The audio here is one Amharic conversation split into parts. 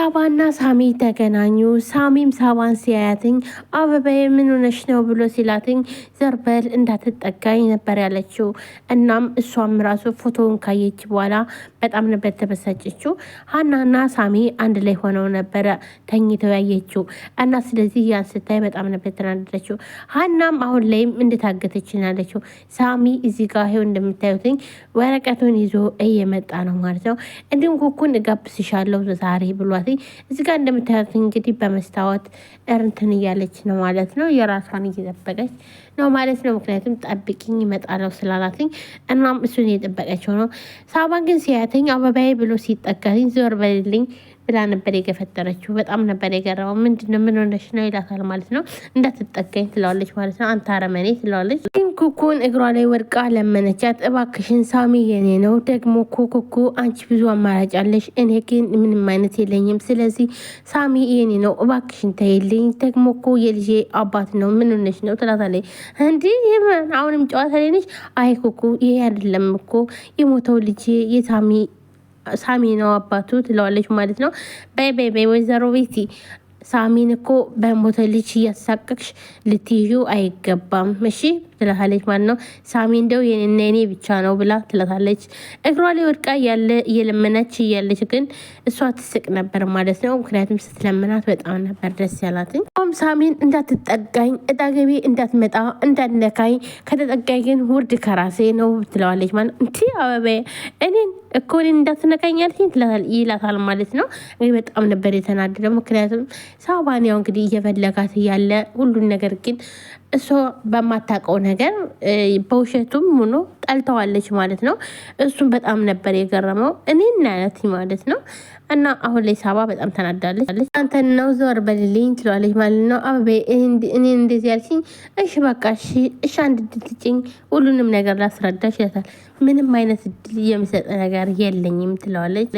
ሳባና ሳሚ ተገናኙ። ሳሚም ሳባን ሲያያትኝ አበባዬ ምን ሆነሽ ነው ብሎ ሲላትኝ ዘርበል እንዳትጠጋኝ ነበር ያለችው። እናም እሷም ራሱ ፎቶውን ካየች በኋላ በጣም ነበር ተበሳጨችው። ሀናና ሳሚ አንድ ላይ ሆነው ነበረ ተኝተው ያየችው እና ስለዚህ ያን ስታይ በጣም ነበር ተናደደችው። ሀናም አሁን ላይም እንድታገተች ናለችው። ሳሚ እዚ ጋር ይኸው እንደምታዩትኝ ወረቀቱን ይዞ እየመጣ ነው ማለት ነው። እንዲሁም ኩኩን እጋብስሻለሁ ዛሬ ብሏት እዚህ ጋር እንደምታያት እንግዲህ በመስታወት እርንትን እያለች ነው ማለት ነው። የራሷን እየጠበቀች ነው ማለት ነው። ምክንያቱም ጠብቅኝ ይመጣለው ስላላትኝ እናም እሱን እየጠበቀችው ነው። ሳባን ግን ሲያተኝ አበባዬ ብሎ ሲጠጋኝ ዞር በልልኝ ብላ ነበር የገፈጠረችው። በጣም ነበር የገረመው። ምንድነው ምን ሆነሽ ነው ይላታል ማለት ነው። እንዳትጠቀኝ ትለዋለች ማለት ነው። አንተ አረመኔ ትለዋለች። ኩኩን እግሯ ላይ ወድቃ ለመነቻት። እባክሽን ሳሚ የኔ ነው ደግሞ እኮ ኩኩ፣ አንቺ ብዙ አማራጭ አለሽ፣ እኔ ግን ምንም አይነት የለኝም። ስለዚህ ሳሚ የኔ ነው፣ እባክሽን ተይልኝ። ደግሞ እኮ የልጄ አባት ነው። ምን ሆነሽ ነው ትላታለች። እንዲህ አሁንም ጨዋታ ላይ ነሽ? አይ ኩኩ፣ ይሄ አይደለም እኮ የሞተው ልጄ የሳሚ ሳሚ ነው አባቱ ትለዋለች ማለት ነው። በይ በይ በይ ወይዘሮ ቤቲ ሳሚን እኮ በሞተ ልጅ እያሳቀቅሽ ልትይዩ አይገባም፣ እሺ ትላታለች ማለት ነው። ሳሚ እንደው የኔና የኔ ብቻ ነው ብላ ትላታለች። እግሯ ላይ ወድቃ እየለመነች እያለች ግን እሷ ትስቅ ነበር ማለት ነው። ምክንያቱም ስትለምናት በጣም ነበር ደስ ያላትኝ። ም ሳሚን እንዳትጠጋኝ፣ እዳገቤ እንዳትመጣ፣ እንዳትነካኝ፣ ከተጠጋኝ ግን ውርድ ከራሴ ነው ትለዋለች ማለት ነው። እንዲ አበበ እኔን እኮ እኔን እንዳትነካኝ ይላታል ማለት ነው። እንግዲህ በጣም ነበር የተናደደው። ምክንያቱም ሳባን ያው እንግዲህ እየፈለጋት እያለ ሁሉን ነገር ግን እሷ በማታውቀው ነገር በውሸቱም ሆኖ ጠልተዋለች ማለት ነው። እሱም በጣም ነበር የገረመው እኔን አይነት ማለት ነው። እና አሁን ላይ ሳባ በጣም ተናዳለች። አንተ ነው ዞር በልልኝ ትለዋለች ማለት ነው። አበቤ እኔን እንደዚህ ያልሽኝ፣ እሺ በቃ እሺ፣ አንድ ድልጭኝ ሁሉንም ነገር ላስረዳሽ ይላታል። ምንም አይነት እድል የሚሰጠ ነገር የለኝም ትለዋለች።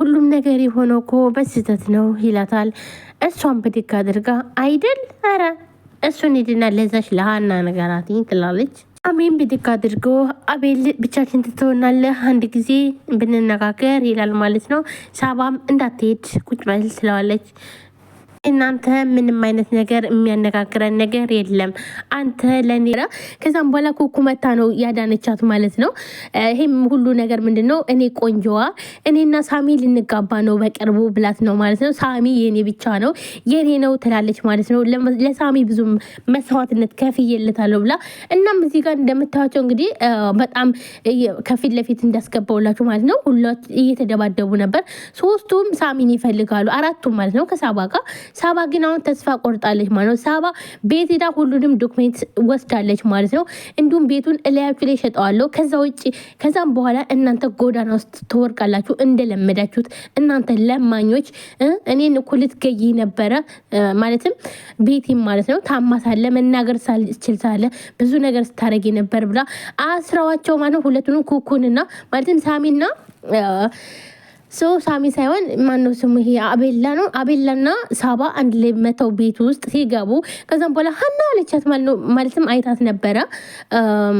ሁሉም ነገር የሆነው እኮ በስህተት ነው ይላታል። እሷን ብድግ አድርጋ አይደል፣ ኧረ እሱን ሂድና ለዛች ለሀና ነገራት ትላለች። አሜን ብድግ አድርጎ አቤል ብቻችን ትትሆናለህ አንድ ጊዜ ብንነጋገር ይላል ማለት ነው። ሳባም እንዳትሄድ ቁጭ በል ትለዋለች። እናንተ ምንም አይነት ነገር የሚያነጋግረን ነገር የለም። አንተ ለኔ ከዛም በኋላ ኩኩ መታ ነው ያዳነቻት ማለት ነው። ይህም ሁሉ ነገር ምንድን ነው? እኔ ቆንጆዋ እኔና ሳሚ ልንጋባ ነው በቅርቡ ብላት ነው ማለት ነው። ሳሚ የኔ ብቻ ነው የኔ ነው ትላለች ማለት ነው። ለሳሚ ብዙ መስዋዕትነት ከፍዬለታለሁ ብላ እናም እዚህ ጋር እንደምታዩቸው እንግዲህ በጣም ከፊት ለፊት እንዳስገባውላችሁ ማለት ነው። ሁላ እየተደባደቡ ነበር። ሶስቱም ሳሚን ይፈልጋሉ አራቱም ማለት ነው ከሳባ ጋር ሳባ ግን አሁን ተስፋ ቆርጣለች ማለት ነው። ሳባ ቤት ሄዳ ሁሉንም ዶክሜንት ወስዳለች ማለት ነው። እንዲሁም ቤቱን እላያችሁ ላይ ሸጠዋለሁ። ከዛ ውጭ ከዛም በኋላ እናንተ ጎዳና ውስጥ ትወርቃላችሁ እንደለመዳችሁት እናንተ ለማኞች። እኔን እኮ ልትገይ ነበረ ማለትም ቤቴም ማለት ነው። ታማ ሳለ መናገር ሳልችል ሳለ ብዙ ነገር ስታደረግ ነበር ብላ አስራዋቸው ማለት ሁለቱንም ኩኩንና ማለትም ሳሚና ሶ ሳሚ ሳይሆን ማነው ስሙ ይሄ አቤላ ነው። አቤላና ሳባ አንድ ላይ መተው ቤት ውስጥ ሲገቡ ከዛም በኋላ ሀና አለቻት ማነው ማለትም አይታት ነበረ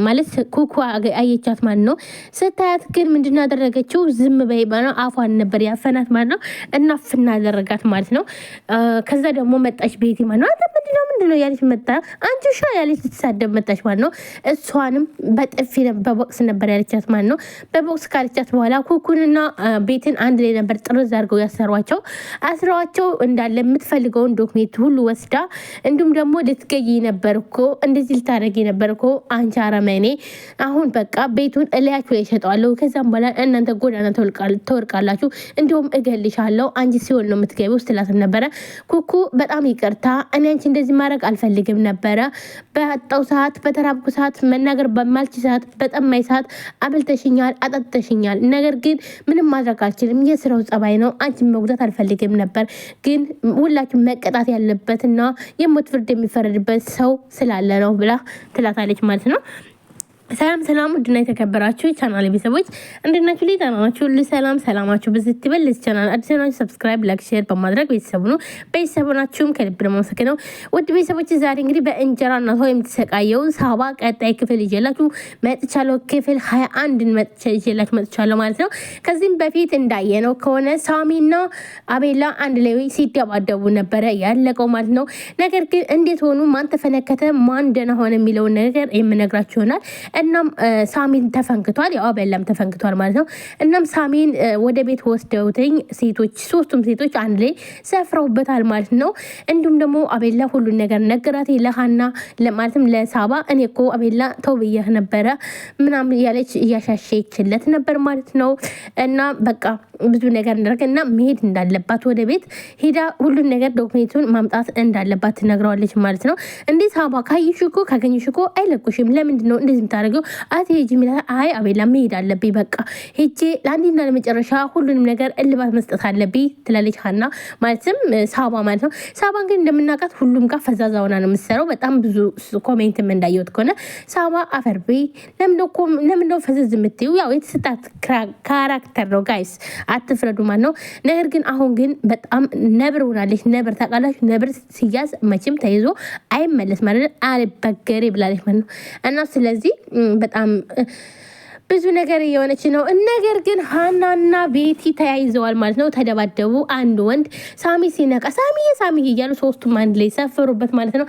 ማለት ኩኩ አየቻት ማለት ነው። ስታያት ግን ምንድን ያደረገችው ዝም በይ ነው አፏን ነበር ያፈናት ማለት ነው። እናፍና ያደረጋት ማለት ነው። ከዛ ደግሞ መጣች ቤቲ ማነው ነው። ምንድነው ምንድነው ያለች መጣ አንቺ ሻ ያለች ልትሳደብ መጣች ማለት ነው። እሷንም በጥፊ በቦቅስ ነበር ያለቻት ማለት ነው። በቦቅስ ካለቻት በኋላ ኩኩንና ቤትን አንድ ላይ ነበር ጥርዝ አድርገው ያሰሯቸው። አስረዋቸው እንዳለ የምትፈልገውን ዶክሜንት ሁሉ ወስዳ እንዲሁም ደግሞ ልትገይ ነበር እኮ እንደዚህ ልታደረግ ነበር እኮ አንቺ አረመኔ። አሁን በቃ ቤቱን እላያችሁ ላይ ይሸጠዋለሁ። ከዛም በኋላ እናንተ ጎዳና ተወርቃላችሁ፣ እንዲሁም እገልሻለሁ። አንቺ ሲሆን ነው የምትገቢ ውስጥ ላትን ነበረ። ኩኩ በጣም ይቅርታ፣ እኔ አንቺ እንደዚህ ማድረግ አልፈልግም ነበረ። በጠው ሰዓት፣ በተራብኩ ሰዓት፣ መናገር በማልች ሰዓት፣ በጠማይ ሰዓት አብልተሽኛል፣ አጠጥተሽኛል። ነገር ግን ምንም ማድረግ አልችልም አልችልም። የስራው ጸባይ ነው። አንቺን መጉዳት አልፈልግም ነበር፣ ግን ሁላችሁም መቀጣት ያለበትና የሞት ፍርድ የሚፈረድበት ሰው ስላለ ነው ብላ ትላታለች ማለት ነው። ሰላም ሰላም ውድና የተከበራችሁ ቻናል ቤተሰቦች እንድናችሁ ላይ ጣናናችሁ ሁሉ ሰላም ሰላማችሁ ብዙ ትበል። ቻናል አዲስ ናችሁ ሰብስክራይብ፣ ላይክ፣ ሼር በማድረግ ቤተሰቡ ነው ቤተሰቡ ናችሁም ከልብ ነው። ውድ ቤተሰቦች ዛሬ እንግዲህ በእንጀራ እናቷ የምትሰቃየውን ሳባ ቀጣይ ክፍል ይዤላችሁ መጥቻለሁ። ክፍል ሀያ አንድን ይዤላችሁ መጥቻለሁ ማለት ነው። ከዚህም በፊት እንዳየነው ከሆነ ሳሚና አቤላ አንድ ላይ ሲደባደቡ ነበረ ያለቀው ማለት ነው። ነገር ግን እንዴት ሆኑ፣ ማን ተፈነከተ፣ ማን ደህና ሆነ የሚለውን ነገር የምነግራችሁ ይሆናል። እናም ሳሚን ተፈንክቷል፣ ያው በላም ተፈንክቷል ማለት ነው። እናም ሳሚን ወደ ቤት ወስደውትኝ ሴቶች ሶስቱም ሴቶች አንድ ላይ ሰፍረውበታል ማለት ነው። እንዲሁም ደግሞ አቤላ ሁሉን ነገር ነገራት ለሀና ማለትም ለሳባ እኔ እኮ አቤላ ተው ብያህ ነበረ ምናምን እያለች እያሻሸችለት ነበር ማለት ነው። እና በቃ ብዙ ነገር እንደረገ እና መሄድ እንዳለባት ወደ ቤት ሄዳ ሁሉን ነገር ዶክሜንቱን ማምጣት እንዳለባት ትነግረዋለች ማለት ነው። እንዴት ሳባ ካየሽ እኮ ካገኘሽ እኮ አይለቁሽም። ለምንድን ነው እንደዚህ ምታደርግ የምታደርገው አትሄጂም ሚ አይ አቤላ መሄድ አለብኝ በቃ ሄጄ ለአንዴና ለመጨረሻ ሁሉንም ነገር እልባት መስጠት አለብኝ ትላለች ሀና ማለትም ሳባ ማለት ነው። ሳባን ግን እንደምናውቃት ሁሉም ጋር ፈዛዛ ሆና ነው የምትሰራው። በጣም ብዙ ኮሜንትም እንዳየሁት ከሆነ ሳባ አፈርቤ ለምንደው ፈዘዝ የምትዩ ያው የተሰጣት ካራክተር ነው። ጋይስ አትፍረዱ ማለት ነው። ነገር ግን አሁን ግን በጣም ነብር ሆናለች። ነብር ታውቃላችሁ፣ ነብር ሲያዝ መቼም ተይዞ አይመለስ ማለት አልበገሬ ብላለች ማለት ነው እና ስለዚህ በጣም ብዙ ነገር እየሆነች ነው። ነገር ግን ሀናና ቤቲ ተያይዘዋል ማለት ነው። ተደባደቡ። አንድ ወንድ ሳሚ ሲነቃ ሳሚዬ ሳሚዬ እያሉ ሶስቱም አንድ ላይ ሰፈሩበት ማለት ነው።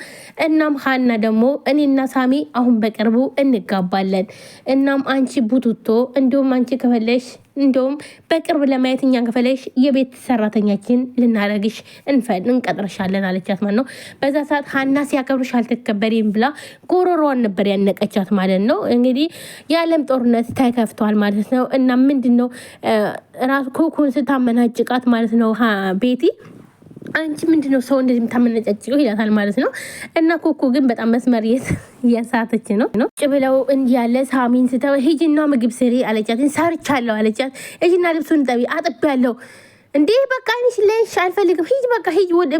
እናም ሀና ደግሞ እኔና ሳሚ አሁን በቅርቡ እንጋባለን፣ እናም አንቺ ቡቱቶ እንዲሁም አንቺ ከፈለሽ እንደውም በቅርብ ለማየት እኛ ከፈለሽ የቤት ሰራተኛችን ልናደርግሽ እንፈል እንቀጥርሻለን አለቻት ማለት ነው። በዛ ሰዓት ሀና ሲያከብርሽ አልተከበሪም ብላ ጎሮሮዋን ነበር ያነቀቻት ማለት ነው። እንግዲህ የዓለም ጦርነት ተከፍቷል ማለት ነው። እና ምንድን ነው ራስ ኮኮን ስታመናጭቃት ማለት ነው ቤቲ አንቺ ምንድነው ሰው እንደዚህ የምታመነጫጭቀው? ይላታል ማለት ነው። እና ኮኮ ግን በጣም መስመር የሳተች ነው። ጭ ብለው እንዲያለ ሳሚን ስተው ሂጂና ምግብ ስሪ አለቻት። ሰርቻለሁ አለቻት። ሂጂና ልብሱን ጠቢ አጥብ ያለው እንዴ በቃ አይንሽ ለሽ አልፈልግም፣ ሂጅ በቃ ሂጅ ወደ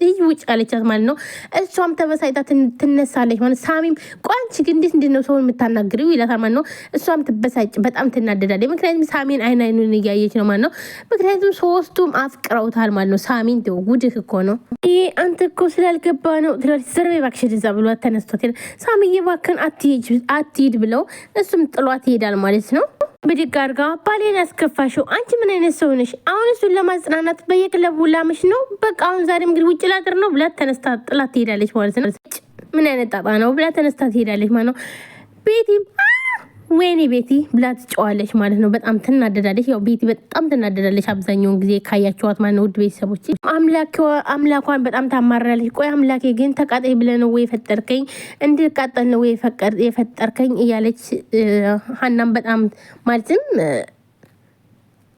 ሂጅ ውጭ አለቻት ማለት ነው። እሷም ተበሳይታ ትነሳለች ማለት ሳሚም ቋንች ግን እንዴት እንድነው ነው ሰውን የምታናግሪው ይላታል ማለት ነው። እሷም ትበሳጭ በጣም ትናደዳለች። ምክንያቱም ሳሚን አይን አይኑን እያየች ነው ማለት ነው። ምክንያቱም ሶስቱም አፍቅረውታል ማለት ነው። ሳሚን ውድህ እኮ ነው ይሄ አንተ እኮ ስላልገባ ነው ትላለች። ዘርቤ እባክሽ እዛ ብሎ ተነስቷት ሳሚ እባክህን አትሂድ ብለው እሱም ጥሏት ይሄዳል ማለት ነው። ብድግ አድርጋ ባሌን ያስከፋሽው አንቺ ምን አይነት ሰው ነሽ? አሁን እሱን ለማጽናናት በየክለቡ ላምሽ ነው። በቃ አሁን ዛሬም እንግዲህ ውጭ ላድር ነው ብላ ተነስታ ጥላት ትሄዳለች ማለት ነው። ምን አይነት ጣጣ ነው ብላ ተነስታ ትሄዳለች ማለት ነው ቤቲም ወይኔ ቤቲ ብላ ትጨዋለች ማለት ነው። በጣም ትናደዳለች። ያው ቤቲ በጣም ትናደዳለች አብዛኛውን ጊዜ ካያቸዋት ማለት ነው። ውድ ቤተሰቦች አምላኳን በጣም ታማራለች። ቆይ አምላኬ ግን ተቃጣይ ብለህ ነው ወይ የፈጠርከኝ? እንድቃጠል ነው ወይ የፈጠርከኝ? እያለች ሀናም በጣም ማለትም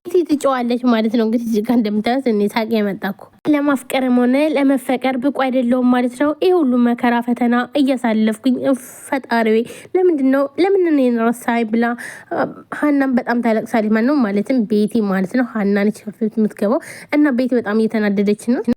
ቲ ትጨዋለች ማለት ነው። እንግዲህ እዚህ ጋ እንደምታዩት እኔ ሳቅ የመጣኩ ለማፍቀርም ሆነ ለመፈቀር ብቁ አይደለውም ማለት ነው። ይህ ሁሉ መከራ ፈተና እያሳለፍኩኝ ፈጣሪዌ ለምንድን ነው ለምን ረሳይ ብላ ሀናን በጣም ታለቅሳሊማ ነው። ማለትም ቤቲ ማለት ነው ሀናን ሀናነች የምትገባው እና ቤቲ በጣም እየተናደደች ነው።